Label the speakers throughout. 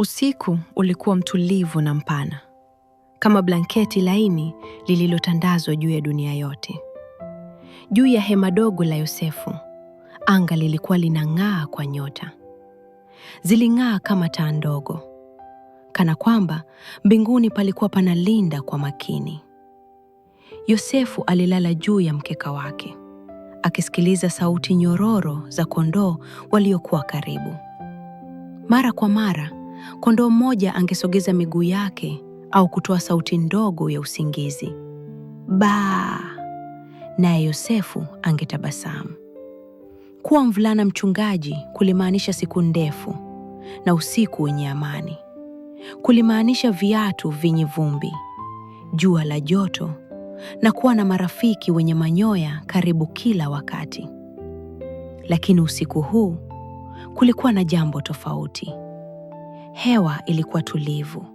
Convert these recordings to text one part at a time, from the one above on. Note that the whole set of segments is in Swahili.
Speaker 1: Usiku ulikuwa mtulivu na mpana, kama blanketi laini lililotandazwa juu ya dunia yote. Juu ya hema dogo la Yosefu, anga lilikuwa linang'aa kwa nyota. Ziling'aa kama taa ndogo, kana kwamba mbinguni palikuwa panalinda kwa makini. Yosefu alilala juu ya mkeka wake, akisikiliza sauti nyororo za kondoo waliokuwa karibu. Mara kwa mara kondoo mmoja angesogeza miguu yake au kutoa sauti ndogo ya usingizi baa, naye Yosefu angetabasamu. Kuwa mvulana mchungaji kulimaanisha siku ndefu na usiku wenye amani, kulimaanisha viatu vyenye vumbi, jua la joto, na kuwa na marafiki wenye manyoya karibu kila wakati. Lakini usiku huu kulikuwa na jambo tofauti. Hewa ilikuwa tulivu,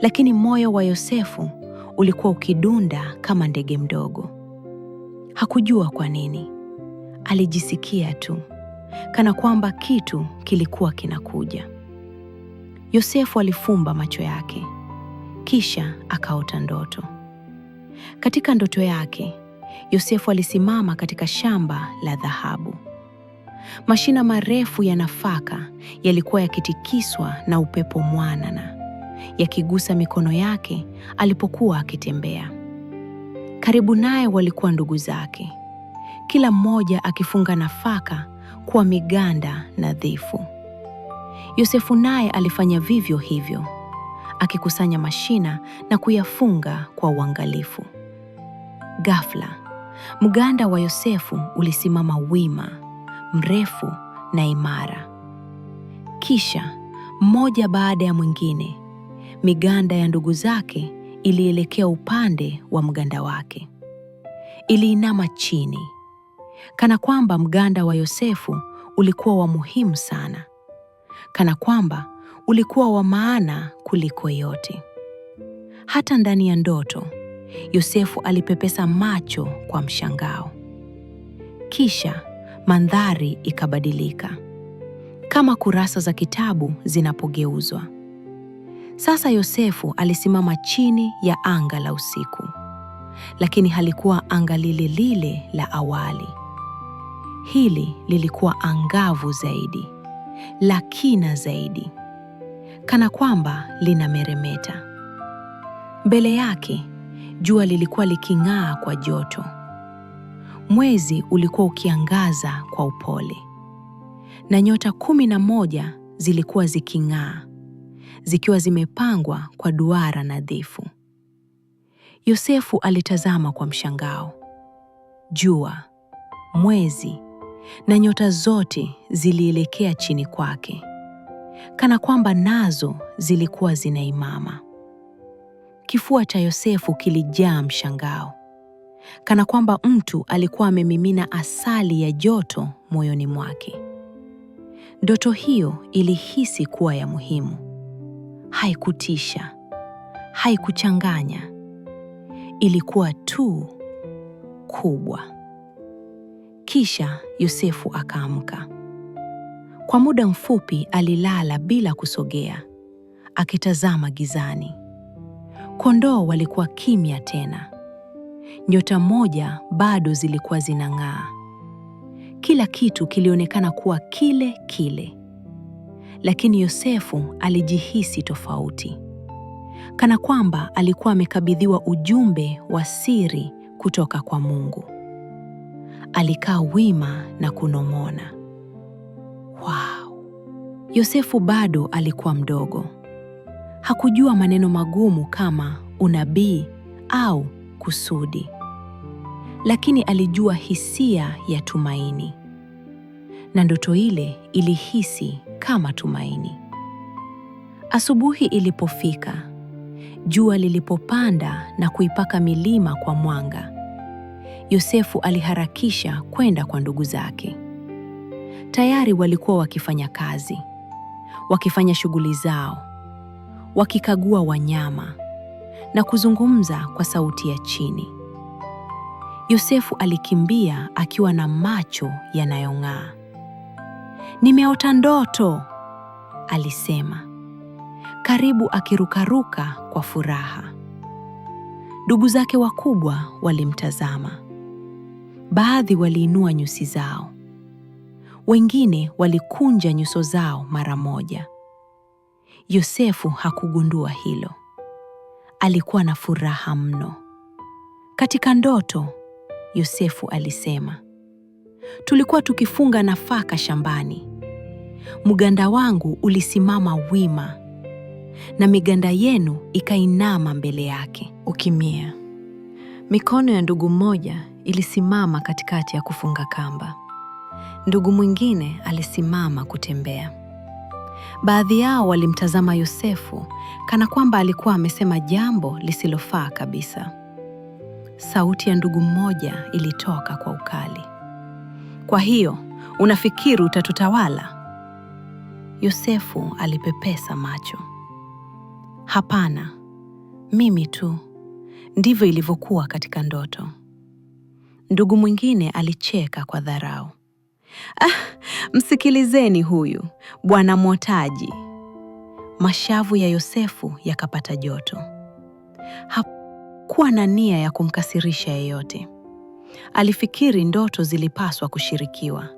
Speaker 1: lakini moyo wa Yosefu ulikuwa ukidunda kama ndege mdogo. Hakujua kwa nini, alijisikia tu kana kwamba kitu kilikuwa kinakuja. Yosefu alifumba macho yake, kisha akaota ndoto. Katika ndoto yake, Yosefu alisimama katika shamba la dhahabu. Mashina marefu ya nafaka yalikuwa yakitikiswa na upepo mwanana, yakigusa mikono yake alipokuwa akitembea. Karibu naye walikuwa ndugu zake, kila mmoja akifunga nafaka kwa miganda nadhifu. Yosefu naye alifanya vivyo hivyo, akikusanya mashina na kuyafunga kwa uangalifu. Ghafla, mganda wa Yosefu ulisimama wima mrefu na imara. Kisha mmoja baada ya mwingine, miganda ya ndugu zake ilielekea upande wa mganda wake. Iliinama chini, kana kwamba mganda wa Yosefu ulikuwa wa muhimu sana, kana kwamba ulikuwa wa maana kuliko yote. Hata ndani ya ndoto, Yosefu alipepesa macho kwa mshangao. Kisha mandhari ikabadilika kama kurasa za kitabu zinapogeuzwa. Sasa Yosefu alisimama chini ya anga la usiku, lakini halikuwa anga lile lile la awali. Hili lilikuwa angavu zaidi, la kina zaidi, kana kwamba linameremeta. Mbele yake jua lilikuwa liking'aa kwa joto Mwezi ulikuwa ukiangaza kwa upole na nyota kumi na moja zilikuwa ziking'aa, zikiwa zimepangwa kwa duara nadhifu. Yosefu alitazama kwa mshangao. Jua, mwezi na nyota zote zilielekea chini kwake, kana kwamba nazo zilikuwa zinaimama. Kifua cha Yosefu kilijaa mshangao kana kwamba mtu alikuwa amemimina asali ya joto moyoni mwake. Ndoto hiyo ilihisi kuwa ya muhimu. Haikutisha, haikuchanganya, ilikuwa tu kubwa. Kisha Yosefu akaamka. Kwa muda mfupi alilala bila kusogea, akitazama gizani. Kondoo walikuwa kimya tena nyota moja bado zilikuwa zinang'aa. Kila kitu kilionekana kuwa kile kile, lakini Yosefu alijihisi tofauti, kana kwamba alikuwa amekabidhiwa ujumbe wa siri kutoka kwa Mungu. Alikaa wima na kunong'ona, wow! Yosefu bado alikuwa mdogo, hakujua maneno magumu kama unabii au kusudi, lakini alijua hisia ya tumaini, na ndoto ile ilihisi kama tumaini. Asubuhi ilipofika, jua lilipopanda na kuipaka milima kwa mwanga, Yosefu aliharakisha kwenda kwa ndugu zake. Tayari walikuwa wakifanya kazi, wakifanya shughuli zao, wakikagua wanyama, na kuzungumza kwa sauti ya chini. Yosefu alikimbia akiwa na macho yanayong'aa. Nimeota ndoto, alisema, karibu akirukaruka kwa furaha. Ndugu zake wakubwa walimtazama. Baadhi waliinua nyusi zao, wengine walikunja nyuso zao mara moja. Yosefu hakugundua hilo alikuwa na furaha mno. Katika ndoto, Yosefu alisema, tulikuwa tukifunga nafaka shambani. Mganda wangu ulisimama wima na miganda yenu ikainama mbele yake. Ukimia. Mikono ya ndugu mmoja ilisimama katikati ya kufunga kamba. Ndugu mwingine alisimama kutembea. Baadhi yao walimtazama Yosefu kana kwamba alikuwa amesema jambo lisilofaa kabisa. Sauti ya ndugu mmoja ilitoka kwa ukali, kwa hiyo unafikiri utatutawala? Yosefu alipepesa macho. Hapana, mimi tu. Ndivyo ilivyokuwa katika ndoto. Ndugu mwingine alicheka kwa dharau. Ah, msikilizeni huyu bwana mwotaji. Mashavu ya Yosefu yakapata joto. Hakuwa na nia ya kumkasirisha yeyote. Alifikiri ndoto zilipaswa kushirikiwa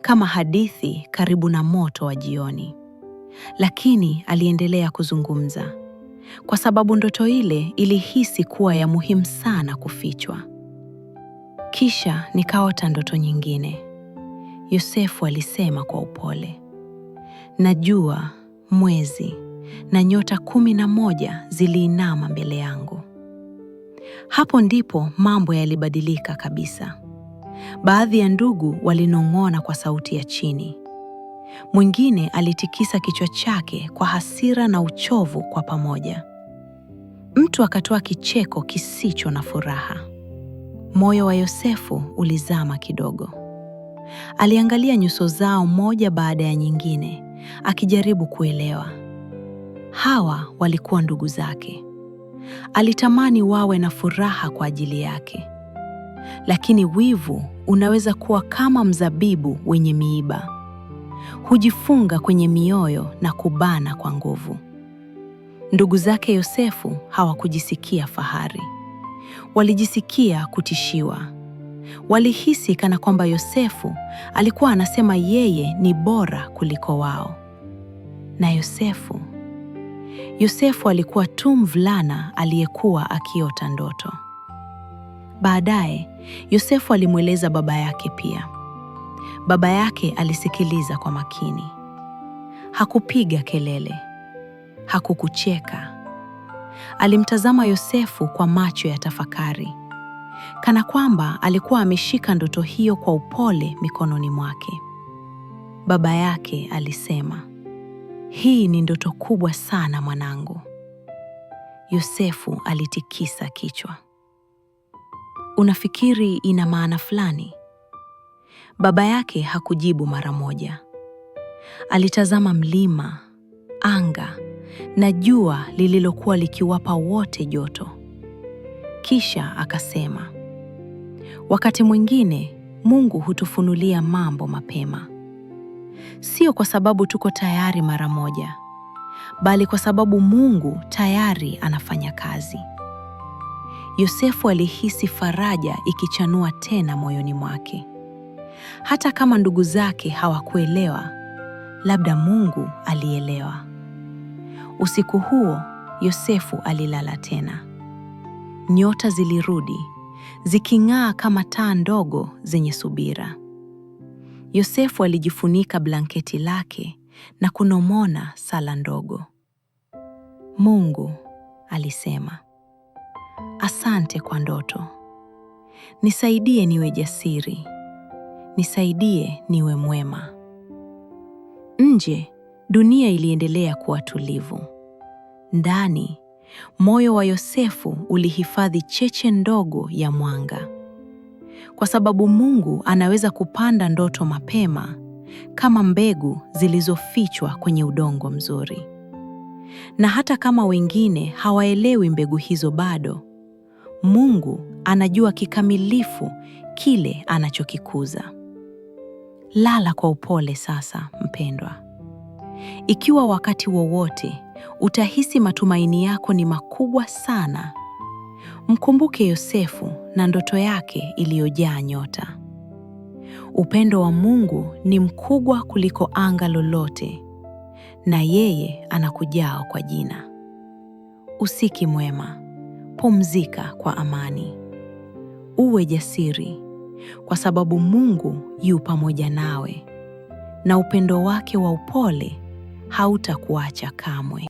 Speaker 1: kama hadithi karibu na moto wa jioni, lakini aliendelea kuzungumza kwa sababu ndoto ile ilihisi kuwa ya muhimu sana kufichwa. Kisha nikaota ndoto nyingine. Yosefu alisema kwa upole, na jua, mwezi na nyota kumi na moja ziliinama mbele yangu. Hapo ndipo mambo yalibadilika kabisa. Baadhi ya ndugu walinong'ona kwa sauti ya chini. Mwingine alitikisa kichwa chake kwa hasira na uchovu kwa pamoja. Mtu akatoa kicheko kisicho na furaha. Moyo wa Yosefu ulizama kidogo. Aliangalia nyuso zao moja baada ya nyingine, akijaribu kuelewa. Hawa walikuwa ndugu zake. Alitamani wawe na furaha kwa ajili yake. Lakini wivu unaweza kuwa kama mzabibu wenye miiba. Hujifunga kwenye mioyo na kubana kwa nguvu. Ndugu zake Yosefu hawakujisikia fahari. Walijisikia kutishiwa. Walihisi kana kwamba Yosefu alikuwa anasema yeye ni bora kuliko wao. Na Yosefu, Yosefu alikuwa tu mvulana aliyekuwa akiota ndoto. Baadaye Yosefu alimweleza baba yake pia. Baba yake alisikiliza kwa makini. Hakupiga kelele, hakukucheka. Alimtazama Yosefu kwa macho ya tafakari kana kwamba alikuwa ameshika ndoto hiyo kwa upole mikononi mwake. Baba yake alisema, hii ni ndoto kubwa sana mwanangu. Yosefu alitikisa kichwa. Unafikiri ina maana fulani? Baba yake hakujibu mara moja. Alitazama mlima, anga na jua lililokuwa likiwapa wote joto. Kisha akasema, Wakati mwingine Mungu hutufunulia mambo mapema, sio kwa sababu tuko tayari mara moja, bali kwa sababu Mungu tayari anafanya kazi. Yosefu alihisi faraja ikichanua tena moyoni mwake. Hata kama ndugu zake hawakuelewa, labda Mungu alielewa. Usiku huo Yosefu alilala tena. Nyota zilirudi ziking'aa kama taa ndogo zenye subira. Yosefu alijifunika blanketi lake na kunong'ona sala ndogo. Mungu, alisema, asante kwa ndoto. Nisaidie niwe jasiri. Nisaidie niwe mwema. Nje, dunia iliendelea kuwa tulivu. Ndani, moyo wa Yosefu ulihifadhi cheche ndogo ya mwanga, kwa sababu Mungu anaweza kupanda ndoto mapema kama mbegu zilizofichwa kwenye udongo mzuri. Na hata kama wengine hawaelewi mbegu hizo bado, Mungu anajua kikamilifu kile anachokikuza. Lala kwa upole sasa, mpendwa. Ikiwa wakati wowote utahisi matumaini yako ni makubwa sana. Mkumbuke Yosefu na ndoto yake iliyojaa nyota. Upendo wa Mungu ni mkubwa kuliko anga lolote, na yeye anakujao kwa jina. Usiki mwema, pumzika kwa amani, uwe jasiri, kwa sababu Mungu yu pamoja nawe, na upendo wake wa upole hautakuacha kamwe.